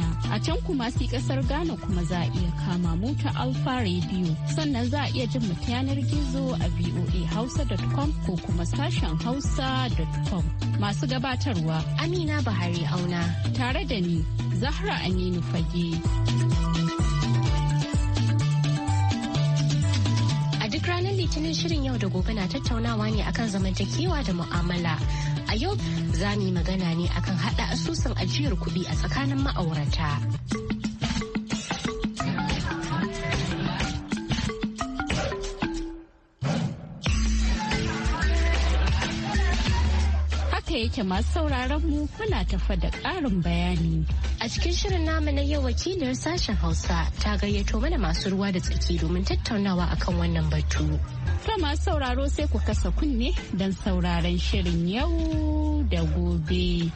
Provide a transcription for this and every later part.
Kenya. A can kuma sai kasar Ghana kuma za a iya kama mu ta Alfa Radio. Sannan za a iya jin mu yanar gizo a voahausa.com ko kuma sashen hausa.com. Masu gabatarwa Amina Bahari Auna. Tare da ni Zahra Aminu Fage. A duk ranar Litinin shirin yau da gobe na tattaunawa ne akan zamantakewa da mu'amala. a yau za mu yi magana ne akan haɗa asusun ajiyar kuɗi a tsakanin ma'aurata. Haka yake masu sauraron mu muna tafa da ƙarin bayani. A cikin shirin namu na yau wakiliyar sashen Hausa ta gayyato mana masu ruwa da tsaki domin tattaunawa akan wannan batu. To masu sauraro sai ku kasa kunne don sauraron shirin yau da gobe.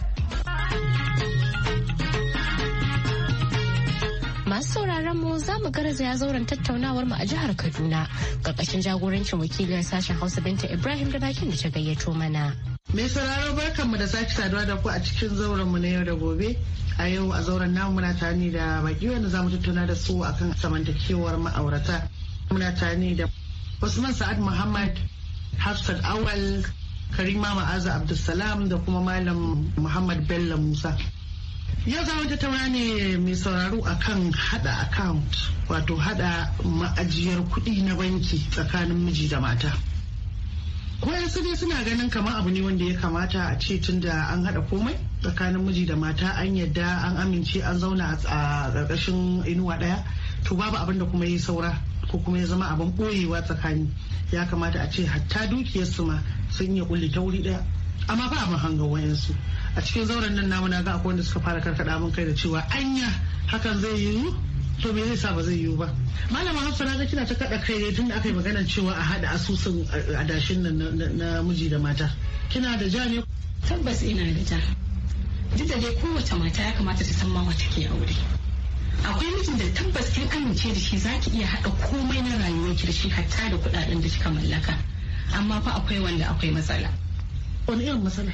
masu sauraron mu za mu ya zauren tattaunawar mu a jihar Kaduna ƙarƙashin jagorancin wakilin sashen Hausa Binta Ibrahim da bakin da ta gayyato mana. Mai sauraro mu da sake saduwa da ku a cikin mu na yau da gobe. A yau a zauren namu muna tani da baki wanda zamu tattauna da su akan samantakewar ma'aurata. Muna tani da Usman Sa'ad Muhammad, Hafsat Awal, Karima Ma'aza Abdulsalam da kuma Malam Muhammad Bello Musa. Yau za mu tattauna ne mai sauraro akan hada account wato hada ma'ajiyar kuɗi na banki tsakanin miji da mata. wayansu ne suna ganin kamar abu ne wanda ya kamata a ce tun da an haɗa komai tsakanin miji da mata an yadda an amince an zauna a ƙarƙashin inuwa ɗaya to babu abin da kuma yi saura ko kuma ya zama abin ɓoyewa tsakani ya kamata a ce hatta dukiyarsu ma sun iya ƙulle ta wuri ɗaya amma ba abin hanga wayansu a cikin zauren nan namu na ga akwai wanda suka fara karkaɗa mun kai da cewa anya hakan zai yiwu to me zai sa ba zai yiwu ba malama hafsa na ga kina ta kada kai ne da aka yi magana cewa a hada asusun adashin nan na miji da mata kina da ja ne tabbas ina da ja duk da dai kowace mata ya kamata ta san ma wata ke aure akwai mijin da tabbas kin amince da shi zaki iya hada komai na rayuwarki da shi hatta da kudaden da kika mallaka amma fa akwai wanda akwai matsala wani irin matsala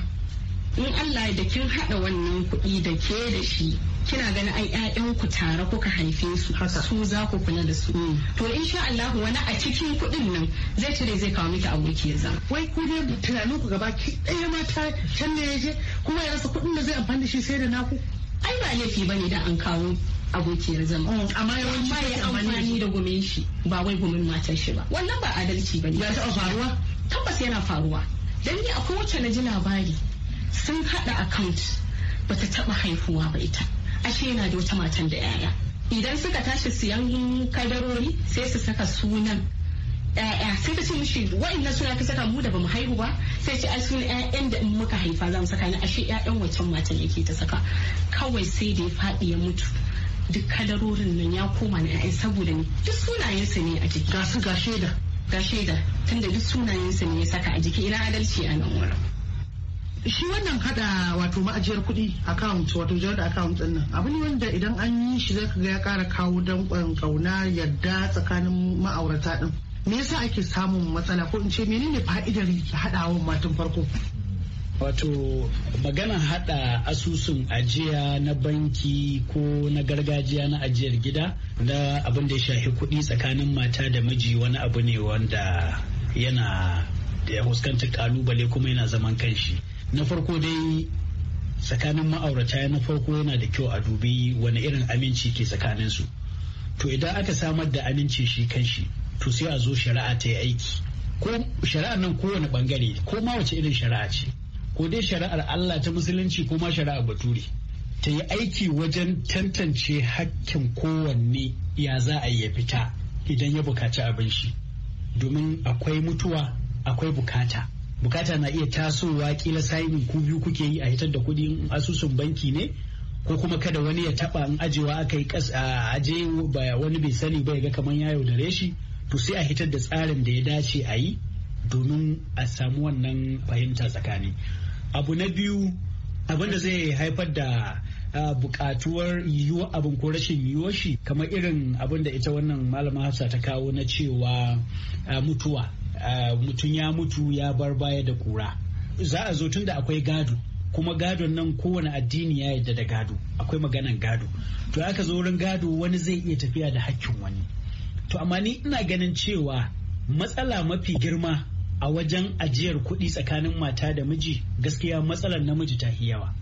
in Allah da kin hada wannan kuɗi da ke da shi kina ganin ai ƴaƴanku ku tare kuka haife su su za ku kula da su mm. to insha Allah wani a cikin kuɗin nan zai cire zai kawo miki abokiyar zama wai ku ne tunanin ku gaba ki ɗaya mata can ne ya kuma ya rasa kuɗin da zai amfani da shi sai da naku ai ba laifi bane da an kawo abokiyar zama. Mm, amma yawanci ya amfani da gumin shi ba wai gumin matar shi ba. Wannan ba adalci ba Ya taɓa faruwa? Tabbas yana faruwa. Dan ni akwai wacce na ji labari sun haɗa account bata taɓa haihuwa ba ita. ashe yana da wata matan da 'ya'ya idan suka tashi siyan kadarori sai su saka sunan ya'ya sai ta ce wa'in wa'annan suna ka saka mu da bamu haihu ba sai ce ai sun ƴaƴan da in muka haifa za mu saka ni ashe 'ya'yan wancan matan yake ta saka kawai sai da ya faɗi ya mutu duk kadarorin nan ya koma na ƴaƴan saboda ni duk sunayensa ne a jiki ga su ga shaida ga shaida tunda duk sunayensa ne ya saka a jiki ina adalci a nan wurin shi wannan hada wato ma'ajiyar kuɗi account wato da account din nan abu ne wanda idan an yi shi zaka ga ya ƙara kawo danƙon ƙauna yadda tsakanin ma'aurata din me yasa ake samun matsala ko in ce menene fa'idar haɗawan matan farko wato magana hada asusun ajiya na banki ko na gargajiya na ajiyar gida na abin da ya shafi kuɗi tsakanin mata da miji wani abu ne wanda yana da ya fuskantar kalubale kuma yana zaman kanshi na farko dai tsakanin ma'aurata na farko yana da kyau a dubi wani irin aminci ke tsakaninsu to idan aka samar da aminci shi kan shi to sai a zo shari'a ta yi aiki ko shari'a nan kowane bangare ko ma wace irin shari'a ce ko dai shari'ar Allah ta musulunci ko ma shari'a bature ta yi aiki wajen tantance hakkin kowanne ya za a yi ya fita idan ya bukaci abin shi domin akwai mutuwa akwai bukata bukata na iya tasowa kila sainin ku biyu kuke yi a hitar da kuɗi asusun banki ne ko kuma kada wani ya taba in ajewa aka yi kas a aje wani bai sani ba ya ga kamar ya yaudare shi to sai a hitar da tsarin da ya dace a yi domin a samu wannan fahimta tsakani abu na biyu abinda zai haifar da bukatuwar yiwuwa abin ko rashin yiwuwa shi kamar irin abin da ita wannan malama hafsa ta kawo na cewa mutuwa Eh, mutum ya mutu ya bar baya da kura za a zo tun da akwai gado kuma gadon nan kowane addini ya yadda da gado akwai maganan gado to aka zo wurin gado wani zai iya tafiya da hakkin wani to amma ni ina ganin cewa matsala mafi girma a wajen ajiyar kuɗi tsakanin mata da miji gaskiya matsalar namiji ta yawa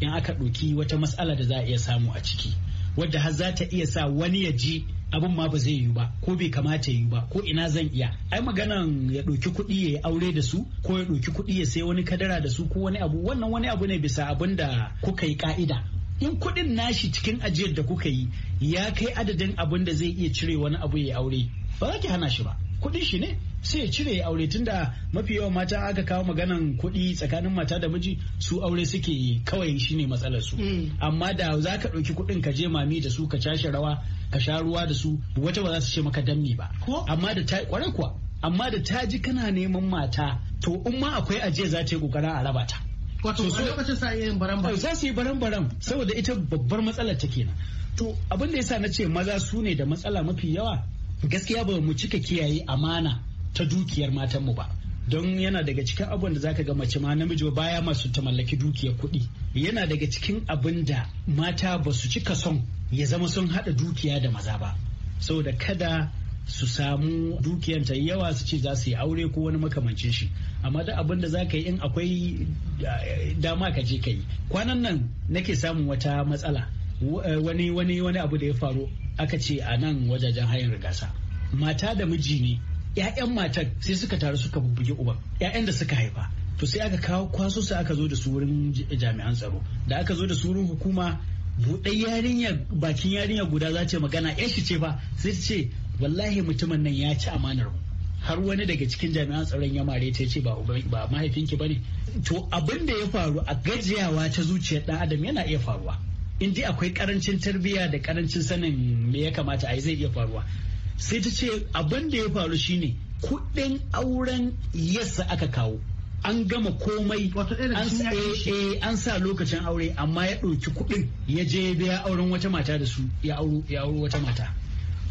in aka ɗauki wata matsala da za a iya samu a ciki wadda har za ta iya sa wani ya ji abin ma ba zai yiwu ba ko bai kamata yiwu ba ko ina zan iya ai maganan ya ɗauki kuɗi ya aure da su ko ya ɗauki kuɗi ya sai wani kadara da su ko wani abu wannan wani abu ne bisa abin da kuka yi ka'ida in kuɗin nashi cikin ajiyar da kuka yi ya kai adadin abin da zai iya cire wani abu ya aure ba za ki hana shi ba kuɗi shi ne sai ya cire aure tunda mafi yawan mata aka kawo maganan kuɗi tsakanin mata da miji su aure suke kawai shine matsalar su mm. amma da za ka ɗauki kuɗin ka je mami da su ka cashe rawa ka sha ruwa da su wata ba za su ce maka danni ba amma da ta kware kuwa amma da ta ji kana neman mata to in ma akwai ajiya za ta yi kokarin a raba ta wato su lokacin sa yin baran za su yi baran baran saboda ita babbar matsalar ta kenan to abin da yasa na ce maza su ne da matsala mafi yawa gaskiya ba mu cika kiyaye amana ta dukiyar matanmu ba don yana daga cikin abin da zaka ga mace ma namiji ba baya masu ta mallaki dukiyar kuɗi yana daga cikin abin da mata ba su cika son ya zama sun haɗa dukiya da maza ba saboda kada su samu dukiyar ta yawa su ce za su yi aure ko wani makamancin shi amma da abin da za ka yi in akwai dama ka je ka yi kwanan nan nake samun wata matsala eh, wani wani abu da ya faru aka ce a nan wajajen hayan rigasa mata da miji ne 'ya'yan matan sai suka taru suka bubbuge uba 'ya'yan da suka haifa to sai aka kawo kwaso sai aka zo da su wurin jami'an tsaro da aka zo da su wurin hukuma buɗai yarinya bakin yarinya guda za ta magana ya shi ce ba sai ta ce wallahi mutumin nan ya ci amanar mu. har wani daga cikin jami'an tsaron ya mare ta ce ba mahaifinki ne to abin da ya faru a gajiyawa ta zuciyar dan adam yana iya faruwa in dai akwai karancin tarbiyya da karancin sanin me ya kamata a yi zai iya faruwa sai ta ce abin da ya faru shine kuɗin auren yasa aka kawo an gama komai eh, eh, an sa lokacin aure amma ya ɗauki kuɗin ya je ya biya auren wata mata da su ya auro wata mata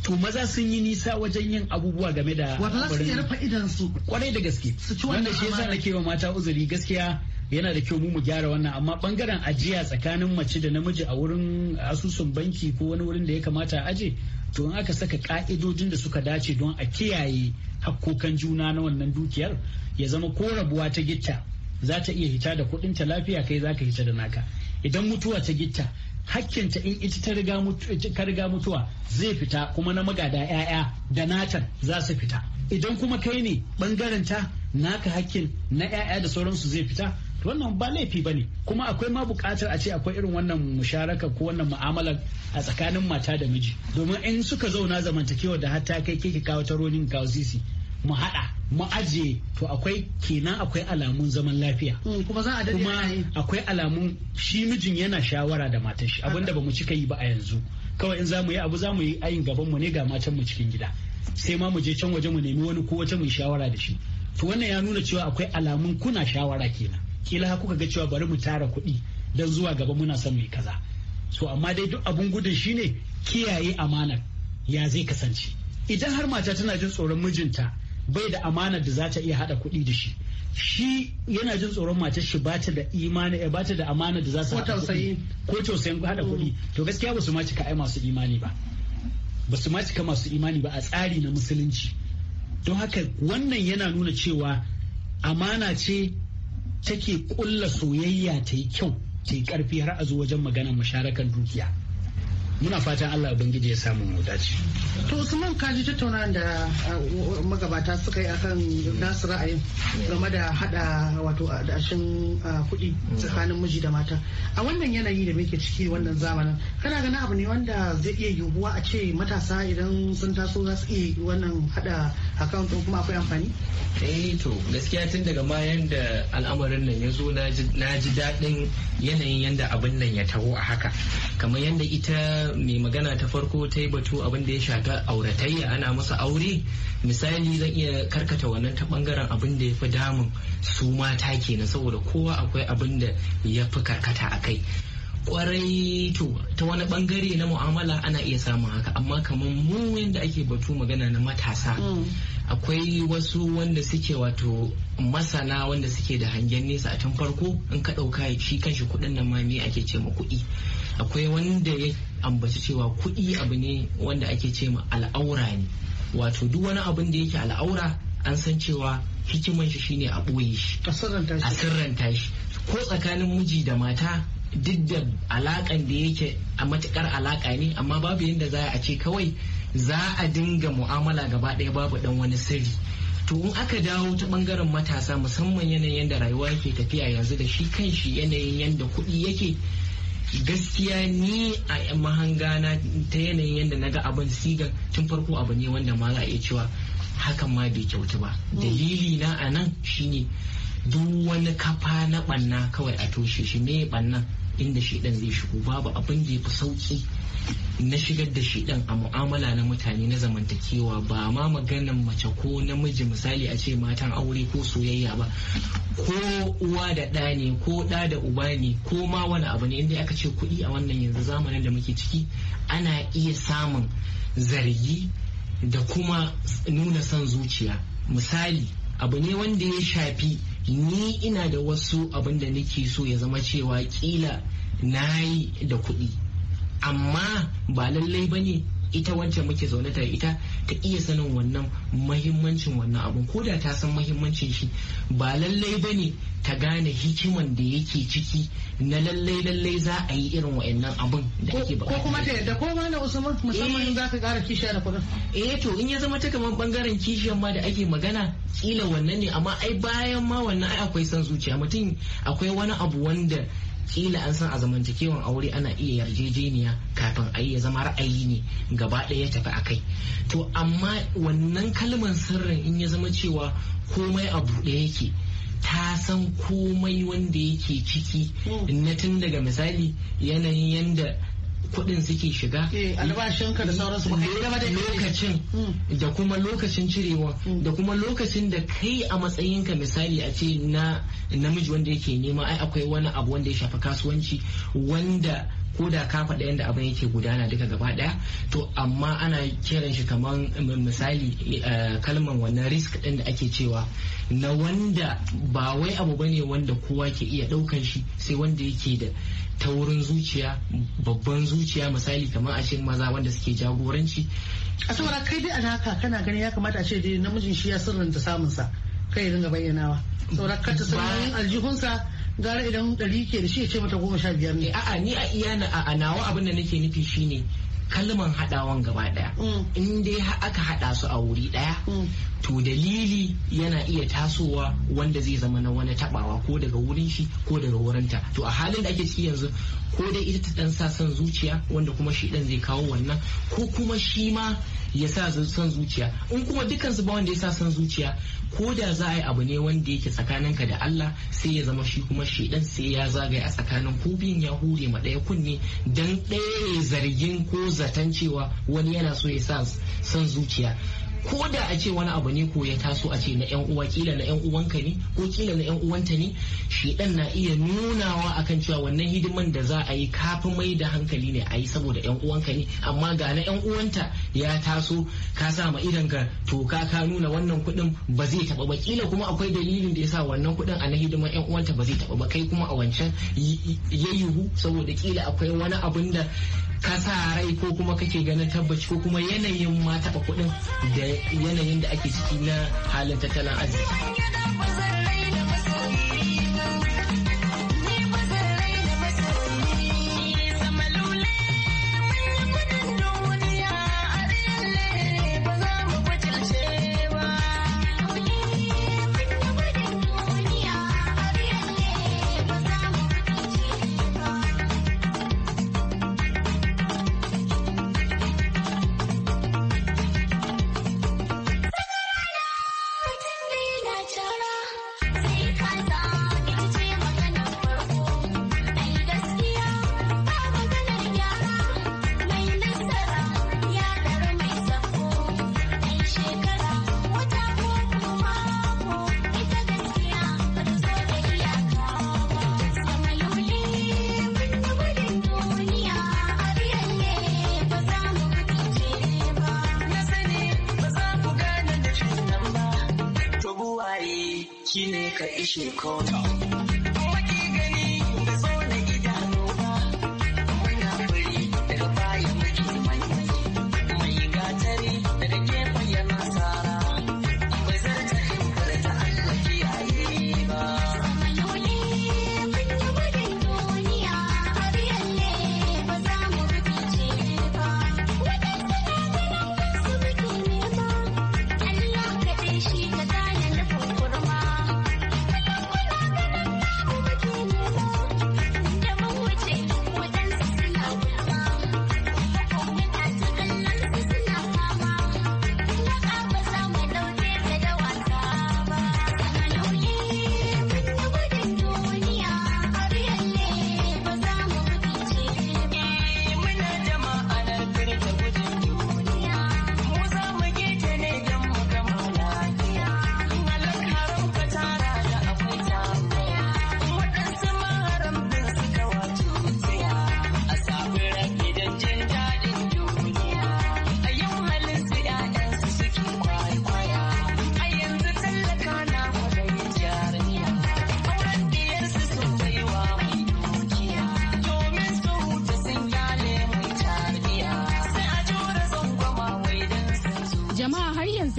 to maza sun yi nisa wajen yin abubuwa game da Wato za su iya rufe idan kwarai da gaske wanda shi yasa nake wa mata uzuri gaskiya yana da kyau mu mu gyara wannan amma bangaren ajiya tsakanin mace da namiji a wurin asusun banki ko wani wurin da ya kamata a aje to in aka saka ka'idojin da suka dace don a kiyaye hakkokan juna na wannan dukiyar ya zama ko rabuwa ta gitta za ta iya hita da kuɗin ta lafiya kai za ka hita da naka idan mutuwa ta gitta hakkinta in ita ta riga mutuwa, riga mutuwa zai fita kuma na magada 'ya'ya da natan za su fita idan kuma kai ne bangaren ta naka hakkin na 'ya'ya da sauransu zai fita wannan ba laifi ba ne kuma akwai ma bukatar a ce akwai irin wannan musharaka ko wannan mu'amala a tsakanin mata da miji domin in suka zauna zamantakewa da hatta kai ke kawo taronin kawo sisi mu haɗa mu ajiye to akwai kenan akwai alamun zaman lafiya mm, kuma za a kuma akwai alamun shi mijin yana shawara da matar shi abinda bamu cika yi ba a yanzu kawai in zamu yi abu za mu yi ayin gaban mu ne ga matan mu cikin gida sai ma mu je can waje mu nemi wani ko wata mu shawara da shi to wannan ya nuna cewa akwai alamun kuna shawara kenan kila kuka ga cewa bari mu tara kuɗi don zuwa gaba muna son mai kaza so amma dai duk abun gudun shine kiyaye amanar ya zai kasance idan har mata tana jin tsoron mijinta bai da amanar da za ta iya hada kuɗi da shi shi yana jin tsoron matar shi bata da imani ya eh, bata da amana da za su hada kuɗi ko tausayin hada mm. kuɗi to gaskiya ba su ma cika ai masu imani ba ba su ma cika masu imani ba a tsari na musulunci don haka wannan yana nuna cewa amana ce take kulla soyayya ta yi kyau ta yi karfi har a zo wajen magana masharakan dukiya muna fatan Allah ubangiji ya samu mu dace to Usman ka ji tattauna da uh, uh, magabata suka yi akan nasu ra'ayin game da hada wato adashin uh, kuɗi tsakanin miji da mata a wannan yanayi da muke ciki wannan zamanin kana ganin abu ne wanda zai iya yiwuwa a ce matasa idan sun taso za su iya wannan hada account kuma akwai amfani eh to gaskiya tun daga ma yanda al'amarin nan ya zo na ji daɗin yanayin yanda abin nan ya taho a haka kamar yanda ita mai magana ta farko ta yi batu abin da ya shafi auratayya ana masa aure misali zan iya karkata wannan ta bangaren abin da ya fi damun su mata kenan saboda kowa akwai abin da ya fi karkata a kai kwarai to ta wani bangare na mu'amala ana iya samun haka amma kamar mu yadda ake batu magana na matasa mm. akwai wasu wanda suke wato masana wanda suke da hangen nesa a tun farko in ka ɗauka shi kanshi kuɗin nan ma me ake ce ma kuɗi akwai wanda ya ambaci cewa kuɗi abu ne wanda ake ce ma al'aura ne wato duk wani abin da yake al'aura an san cewa hikiman shi shine a ɓoye shi a sirranta shi ko tsakanin miji da mata duk da alaƙan da yake a matukar alaƙa ne amma babu yadda za a ce kawai za a dinga mu'amala gaba ɗaya babu ɗan wani sirri to in aka dawo ta ɓangaren matasa musamman yanayin yadda rayuwa yake tafiya yanzu da shi kan shi yanayin yadda kuɗi yake gaskiya ni a mahanga na ta yanayin yadda na ga abin sigar tun farko abu ne wanda ma za a iya cewa hakan ma bai kyautu ba mm. dalili na a nan shine duk wani kafa na banna kawai a toshe shi me bannan inda shedan zai shigo babu abin da ya fi sauƙi na shigar da shedan a mu'amala na mutane na zamantakewa ba ma maganan mace ko namiji misali a ce matan aure ko soyayya ba ko uwa da ɗa ne ko ɗa da uba ne ko ma wani abu ne inda aka ce kuɗi a wannan yanzu zamanin da muke ciki ana iya samun zargi da kuma nuna son zuciya misali abu ne wanda ya shafi ni ina da wasu abin da nake so ya zama cewa kila na yi da kuɗi amma ba lallai ba ne ita wancan muke zaune tare ita ta iya sanin wannan mahimmancin wannan abun ko da ta san mahimmancin shi ba lallai ba ne ta gane hikiman da yake ciki na lallai lallai za a yi irin wa'annan abun da ake ba ko kuma ta yadda ko ma na usman musamman in eh. za ka kara kishiya da kudin eh to in ya zama ta kamar bangaren kishiyan ma da ake magana kila wannan ne amma ai bayan ma wannan ai akwai san zuciya mutum akwai wani abu wanda kila an san a zamantakewan aure ana iya yarjejeniya kafin a ya zama ra'ayi ne gaba ɗaya ya tafi a kai to amma wannan kalman sirrin in ya zama cewa komai a buɗe yake ta san komai wanda yake ciki hmm. na tun daga misali yanayin yanda kuɗin suke shiga eh, albashinka da sauransu lokacin hmm. da kuma lokacin cirewa hmm. da kuma lokacin da kai a matsayinka misali a ce na namiji wanda yake nema ai akwai wani abu wanda ya shafi kasuwanci wanda ko da ka faɗa yadda abin yake gudana duka gaba ɗaya to amma ana kiran shi kaman um, misali eh, kalman wannan risk ɗin da ake cewa na wanda ba wai abu bane wanda kowa ke iya ɗaukan shi sai wanda yake da taurin zuciya babban zuciya misali kamar a cikin maza wanda suke jagoranci a saboda kai dai a haka kana ganin ya kamata a ce dai namijin shi ya sirrinta samunsa kai ringa bayyanawa saboda kar ta aljihunsa gara idan ɗari ke da shi ya ce mata goma sha biyar ne eh, a'a ni a iya na a nawa abin da nake nufi shine kalman haɗawan gaba ɗaya mm. in dai aka haɗa su a wuri ɗaya mm. to dalili yana iya tasowa wanda zai zama na wani tabawa ko daga wurin shi ko daga wurinta to a halin da ake ciki yanzu ko dai ita ta dan sa son zuciya wanda kuma shi dan zai kawo wannan ko kuma shi ma ya sa son zuciya in kuma dukansu ba wanda ya sa son zuciya ko da za a yi abu ne wanda yake tsakaninka da Allah sai ya zama shi kuma shi dan sai ya zagaye a tsakanin ko biyun ya hure ma daya kunne dan daya zargin ko zaton cewa wani yana so ya sa son zuciya ko da a ce wani abu ne ko ya taso a ce na yan uwa kila na yan uwanka ne ko kila na yan uwanta ne dan na iya nunawa akan cewa wannan hidiman da za a yi kafin mai da hankali ne a yi saboda yan uwanka ne amma ga na yan uwanta ya taso ka sa ma idan ka to ka nuna wannan kuɗin ba zai taɓa ba kila kuma akwai dalilin da ya sa wannan kuɗin a na hidiman yan uwanta ba zai taɓa ba kai kuma a wancan ya yiwu saboda kila akwai wani abun da ka sa rai ko kuma kake ganin tabbaci ko kuma yanayin ma taɓa kuɗin da yanayin da ake ciki na halin tattalin arziki. she called.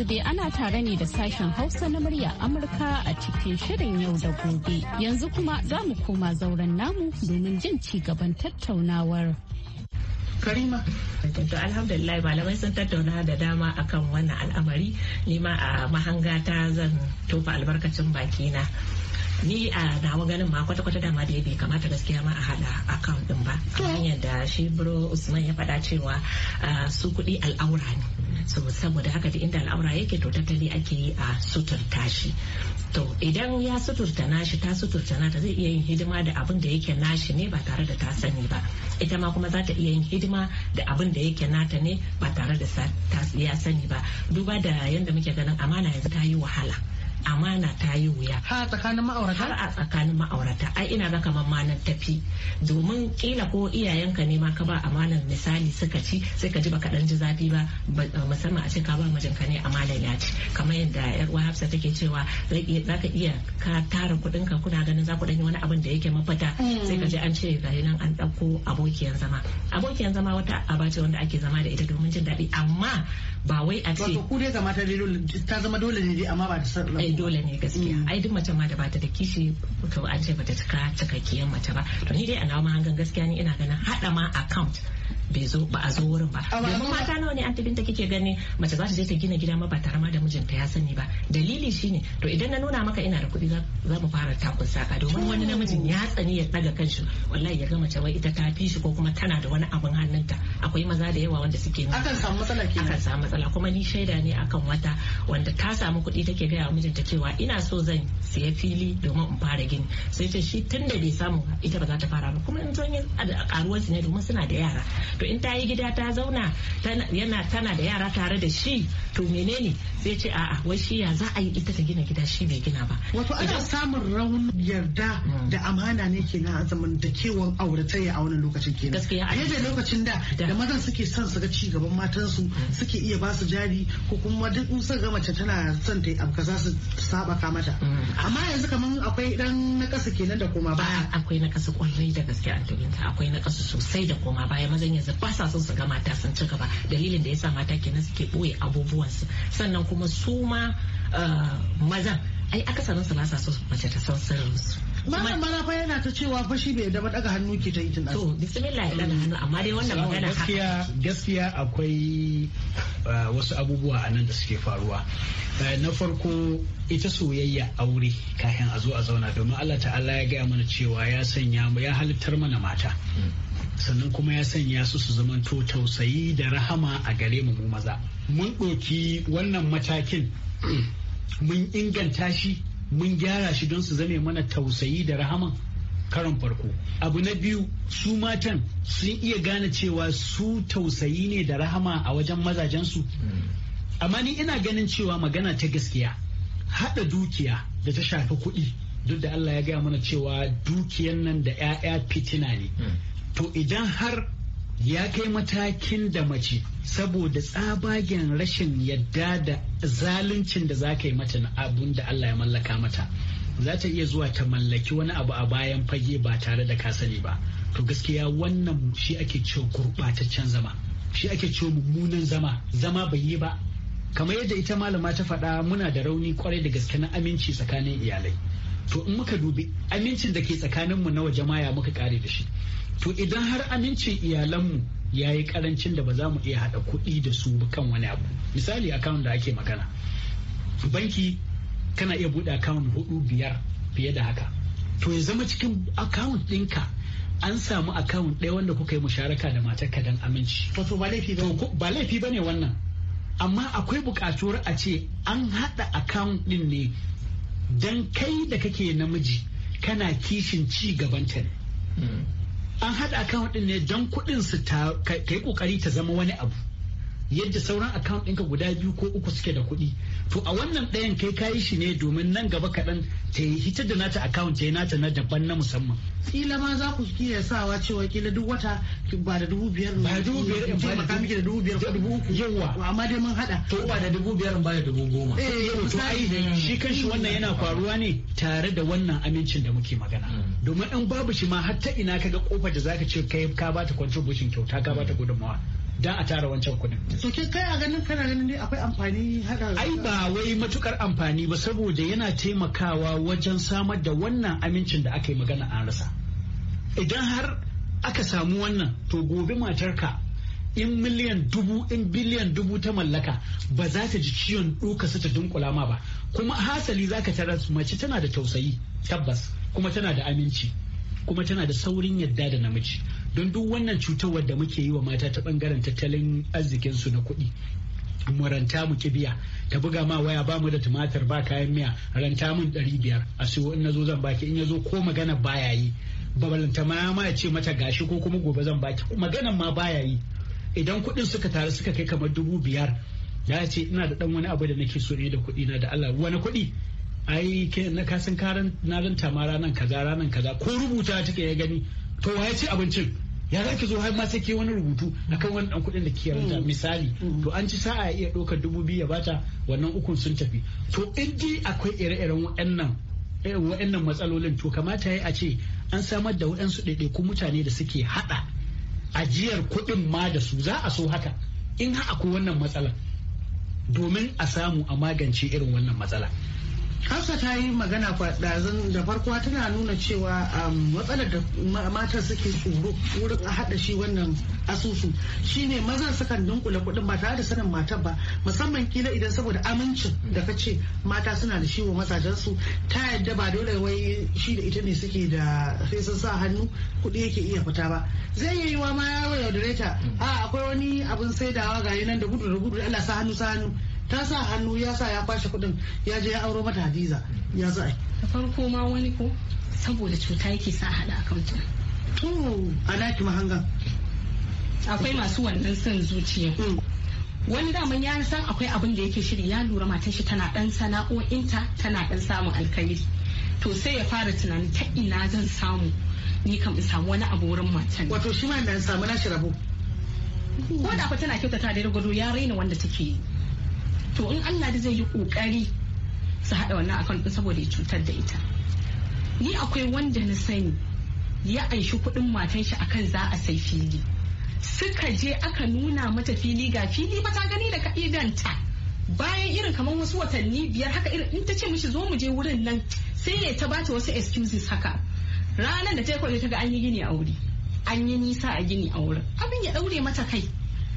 dai ana tare ne da sashen Hausa na murya Amurka a cikin shirin yau da gobe. Yanzu kuma za mu koma zauren namu domin jin ci gaban tattaunawar. Karima. To alhamdulillah malamai sun tattauna da dama akan wannan al'amari nima a mahanga ta zan tofa albarkacin bakina. ni a nawa ganin ma kwata-kwata dama da bai kamata gaskiya ma a hada akan din ba kamar yadda shi bro usman ya faɗa cewa ah, su kuɗi al'aura ne saboda haka da inda al'aura yake to tattali ake yi a suturta shi to idan ya suturta nashi ta suturta nata zai iya yin hidima da abin da yake nashi ne ba tare da ta sani ba ita ma kuma za ta iya yin hidima da abin da yake nata ne ba tare da ya sani ba duba da yadda muke ganin amana yanzu ta yi wahala amana ta yi wuya har a tsakanin ma'aurata har a tsakanin ma'aurata ai ina baka mamanan tafi domin kila ko iyayenka ne ma ka ba amanar misali suka ci sai ka ji baka dan ji zafi ba musamman a ce ka ba mijinka ne amanar ya ci kamar yadda yar uwa Hafsa take cewa zaka iya ka tara kuɗin ka kuna ganin za ku dan yi wani abin da yake mafata mm. sai ka ji an ce ga nan an ɗauko abokiyan zama abokiyan zama wata aba ce wanda ake zama da ita domin jin daɗi amma ba wai a ce ku dai zama ta ta zama dole ne amma ba ta eh, dole ne gaskiya mm. ai duk mace ma da bata da kishi to an ce bata cika cikakkiyar mace ba to ni dai a nawa mahangan gaskiya ni ina ganin hada ma account bai zo ba a zo wurin ba domin mata nawa ne antibinta kike ganin mace za ta je ta gina gida ma ba tare ma da mijinta ya sani ba dalili shine to idan na nuna maka ina da kuɗi za mu fara takun saka domin wani namijin ya tsani ya daga kanshi wallahi ya ga mace wai ita ta fi shi ko kuma tana da wani abin hannunta akwai maza da yawa wanda suke akan samu matsala ke akan samu matsala kuma ni shaida ne akan wata wanda ta samu kuɗi take gaya wa mijinta cewa ina so zan siya fili domin in fara gini sai ce shi tun da bai samu ita ba za ta fara ba kuma in a karuwar su ne domin suna da yara to in ta yi gida ta zauna yana tana da yara tare da shi to menene zai ce a'a wai shi ya za a yi ita ta gina gida shi bai gina ba wato ana samun raunin yarda hmm. da amana ne kenan a zaman da kewan auratayya a wani lokacin kenan gaskiya a yadda lokacin da da mazan suke son su ga ci gaban matansu hmm. suke iya ba su jari ko kuma duk in sun ga mace tana son ta yi abu kaza su sabaka mata hmm. amma yanzu kaman akwai dan na kasa kenan da koma baya akwai na kasa kwarai da gaskiya a akwai na kasa sosai da koma baya mazan ya. yanzu ba sa son su ga mata sun ci gaba dalilin da yasa mata kenan suke boye abubuwansu sannan kuma su ma eh, mazan ai sanin su ba sa so mace ta san sirrinsu Malam mana fa yana ta cewa fa shi bai da ba daga hannu ke ta yi tunan. To bismillah ya hannu amma dai wannan magana haka. Gaskiya gaskiya akwai eh, wasu abubuwa a nan da suke faruwa. Eh, na farko ita soyayya aure kafin a zo a zauna domin Allah ta'ala ya gaya mana cewa ya sanya ya halittar mana mata. Mm. sannan kuma ya sanya su su zamanto tausayi da rahama a gare mu maza mun ɗauki wannan matakin mun inganta shi mun gyara shi don su zame mana tausayi da rahama karon farko abu na biyu su matan sun iya gane cewa su tausayi ne da rahama a wajen mazajensu mm. amma ni ina ganin cewa magana ta gaskiya haɗa dukiya da ta shafi kuɗi duk da Allah ya gaya mana cewa dukiyan nan da 'ya'ya fitina ne mm. to idan har ya kai matakin da mace saboda tsabagen rashin yadda da zaluncin da za ka yi mata na abun da Allah ya mallaka mata za ta iya zuwa ta mallaki wani abu a bayan fage ba tare da ka sani ba to gaskiya wannan shi ake cewa gurɓataccen zama shi ake cewa mummunan zama zama bai yi ba kamar yadda ita malama ta faɗa muna da rauni kwarai da gaske na aminci tsakanin iyalai to in muka dubi amincin da ke tsakaninmu na waje ya muka kare da shi to idan har amincin iyalanmu ya yi karancin da ba za mu iya haɗa kuɗi da su kan wani abu misali akawun da ake magana banki kana iya buɗe akawun hudu biyar fiye da haka to ya zama cikin akawun ɗinka an samu akawun ɗaya wanda kuka yi musharaka da matarka don aminci wato ba laifi ba ne wannan amma akwai buƙatuwar a ce an haɗa akawun ɗin ne don kai da kake namiji kana kishin ci gaban ta ne hmm. an haɗa account ɗin ne don kuɗin su ta kai ƙoƙari ta zama wani abu yadda sauran account ɗinka guda biyu ko uku suke da kuɗi to a wannan ɗayan kai kayi shi ne domin nan gaba kaɗan ta yi hitar da nata account ta yi nata na daban na musamman kila ma za ku iya sawa cewa kila duk wata ba da dubu biyar ba da dubu biyar in ba da miki da dubu biyar ko dubu uku yawa amma dai mun hada to ba da dubu biyar ba da dubu goma eh to ai shi shi wannan yana faruwa ne tare da wannan amincin da muke magana hmm. domin an babu shi ma har ta ina kaga kofar da zaka ce kai ka bata contribution kyauta ka bata gudunmawa dan a tara wancan kuɗin. So ke kai a ganin kana ganin dai akwai amfani Ai ba wai matukar amfani ba saboda yana taimakawa wajen samar da wannan amincin da aka yi magana an rasa. Idan har aka samu wannan to gobe matarka in miliyan dubu in biliyan dubu ta mallaka ba za ta ji ciwon ɗoka su ta dunkula ma ba kuma hasali za ka tarar mace tana da tausayi tabbas kuma tana da aminci. kuma tana da saurin yadda da namiji don duk wannan cutar da muke yi wa mata ta bangaren tattalin arzikinsu na kuɗi Mu ranta mu ki biya ta buga ma waya ba mu da tumatir ba kayan miya ranta mun ɗari biyar a siyo in nazo zan baki in yazo ko magana baya yi babalanta ma ma ya ce mata gashi ko kuma gobe zan baki maganan ma baya yi idan kuɗin suka taru suka kai kamar dubu biyar ya ce ina da ɗan wani abu da nake so ne da kuɗi na da Allah wani kuɗi ai ke na kasan karan na ranta ma ranan kaza ranan kaza ko rubuta take ya gani to ya ci abincin ya za ki zo har ma sai ke wani rubutu kan wani dan kuɗin da kike ranta mm. misali mm. to an ci sa'a iya ɗaukar dubu biyu ya bata wannan ukun sun tafi to in dai akwai ire-iren waɗannan waɗannan matsalolin to kamata ya a ce an samar da waɗansu ɗaiɗaiku mutane da suke haɗa ajiyar kuɗin ma da su za a so haka in ha akwai wannan matsala domin a samu a magance irin wannan matsala Hafsa ta yi magana kwaɗazin da farko tana nuna cewa um, matsalar da matan suke tsoro wurin a haɗa shi wannan asusu shine mazan sukan dunkula kuɗin ba tare da sanin matar ba musamman kila idan saboda amincin da ka ce mata suna da shi wa mazajensu ta yadda ba dole wai shi da ita ne suke da sai sun sa hannu kuɗi yake iya fita ba zai iya yiwa ma yaro ya ta mm. a akwai wani abin saidawa ga nan da gudu da gudu Allah sa hannu sa hannu ta sa hannu ya sa ya kwashe kuɗin ya je ya auro mata hadiza ya sa. da farko ma wani ko saboda cuta yake sa a akauntin to a naki mahangan akwai masu wannan son zuciya hmm. wani daman ya san akwai abin da yake shiri ya lura matar shi tana dan sana'o'inta tana dan samun alkhairi to sai ya fara tunanin ta ina zan samu ni kam in samu wani abu wurin matan wato shi ma na samu nashi rabo ko da fa tana kyautata da gado ya raina wanda take yi to in Allah da zai yi kokari su haɗa wannan akan din saboda ya cutar da ita ni akwai wanda na sani ya aishi kuɗin matan shi akan za a sai fili suka je aka nuna mata fili ga fili ba ta gani da idanta bayan irin kamar wasu watanni biyar haka irin in ta ce mishi zo mu je wurin nan sai ya ta bata wasu excuses haka ranar da ta yi kwaje ta ga an yi gini a wuri an yi nisa a gini a wurin abin ya daure mata kai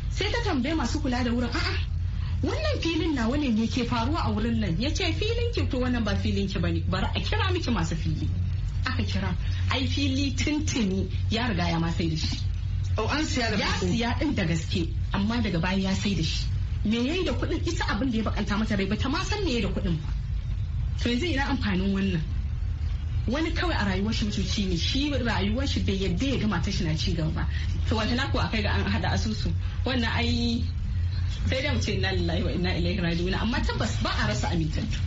sai ta tambaye masu kula da wurin a'a wannan filin na nawa ne ke faruwa a wurin nan ya ce filin ki to wannan ba filin ki bane bari a kira miki masu fili aka kira ai fili tuntuni ya riga ya ma sai da shi oh, an siya da ya siya din da gaske amma daga baya ya sai da shi me yayi da kuɗin isa abin da ya bakanta mata rai ba ta ma san me da kuɗin ba to yanzu ina amfanin wannan wani kawai a rayuwar shi mutunci ne shi rayuwar shi bai yadda ya gama ta shi na ci gaba to wata na a akai ga an hada asusu wannan ai sai dai mu ce inna lillahi wa inna ilaihi raji'un amma tabbas ba a rasa amintattu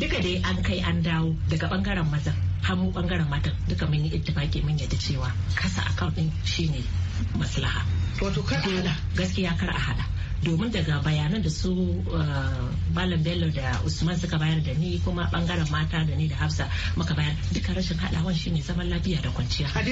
duka dai an kai an dawo daga bangaren mazan hamu bangaren matan duka mun yi ittifaki mun yadda cewa kasa account din shine maslaha wato kar a hada gaskiya kar a hada domin daga bayanan da su uh, malam bello da usman suka bayar da ni kuma bangaren mata da ni da hafsa muka bayar duka rashin haɗawan shine zaman lafiya da kwanciya a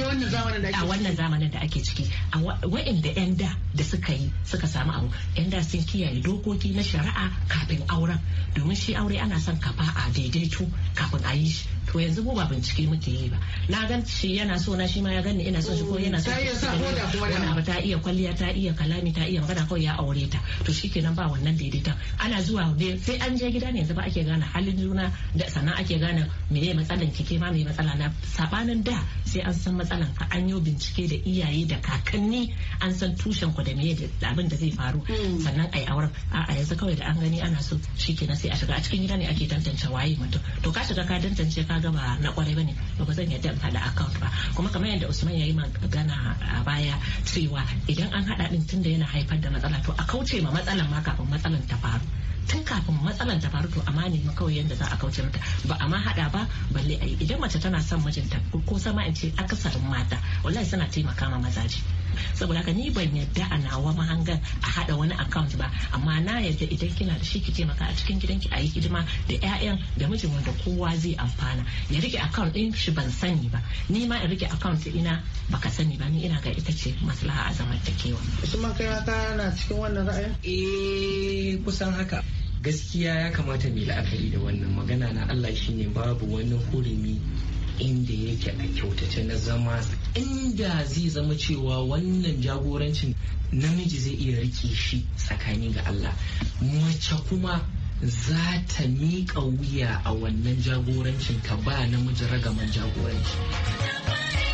wannan zamanin da ake ciki a wa'inda yan da da suka yi suka samu abu yan da sun kiyaye dokoki na shari'a kafin auren domin shi aure ana son kafa a daidaito kafin a yi shi to yanzu mu ba bincike muke yi ba na gan shi yana so na shi ma ya gani ina son shi ko mm, yana so wani abu ta iya kwalliya ta iya kalami ta iya magana kawai ya aure ta daidaita to shikenan ba wannan daidaita ana zuwa ne sai an je gida ne yanzu ba ake gane halin juna da sannan ake gane meye matsalan kike ma meye matsala na sabanin da sai an san matsalan ka an yi bincike da iyaye da kakanni an san tushen ku da meye da abin da zai faru mm. sannan ai auren a yanzu kawai da an gani ana so shikenan sai a shiga a cikin gida ne ake tantance waye mutum to ka shiga ka tantance ka gaba ba na kwarai bane ba ba zan yadda in faɗa account ba kuma kamar yadda Usman ya yi magana a baya cewa idan an haɗa din tunda yana haifar da matsala to account kauce ma matsalan ma kafin matsalan ta faru tun kafin matsalan ta faru to amma ne kawai yadda za a kauce mata ba a ma hada ba balle a yi idan mace tana son mijinta ko sama in ce akasarin mata wallahi suna taimaka ma mazaje saboda haka ni ban yadda a nawa mahangar a hada wani account ba amma na yadda idan kina da shi ki taimaka a cikin gidanki a yi hidima da 'ya'yan da mijin wanda kowa zai amfana ya rike account din shi ban sani ba ni ma in rike account ina baka sani ba ni ina ga ita ce maslaha a takewa. Usman kai ka na cikin wannan ra'ayin? Eh kusan haka. gaskiya ya kamata mu yi la'akari da wannan magana na Allah shine babu wani hurumi inda yake a kyautace na zama inda zai zama cewa wannan jagorancin namiji zai iya rike shi tsakani ga Allah mace kuma za ta miƙa wuya a wannan jagorancin ka ba namiji ragaman jagoranci.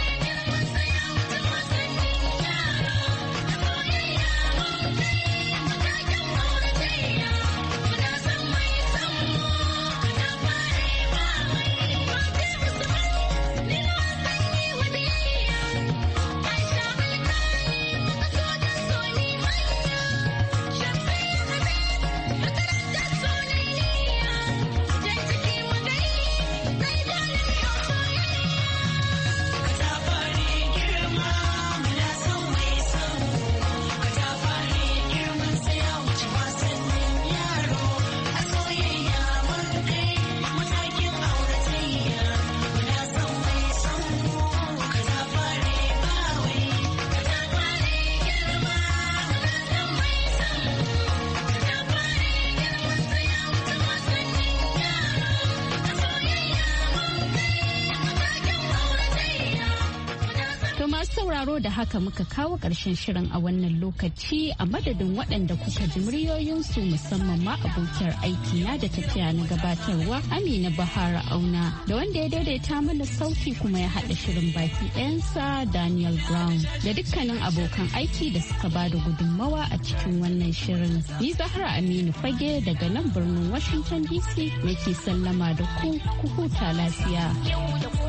sauraro da haka muka kawo ƙarshen shirin a wannan lokaci a madadin waɗanda kuka ji muryoyinsu musamman ma abokiyar aikina da tafiya na gabatarwa Amina Bahara Auna da wanda ya daidaita mana sauti kuma ya haɗa shirin baki ɗayansa Daniel Brown da dukkanin abokan aiki da suka ba da gudunmawa a cikin wannan shirin. Ni Zahra Aminu Fage daga nan birnin Washington DC nake sallama da ku ku huta lafiya.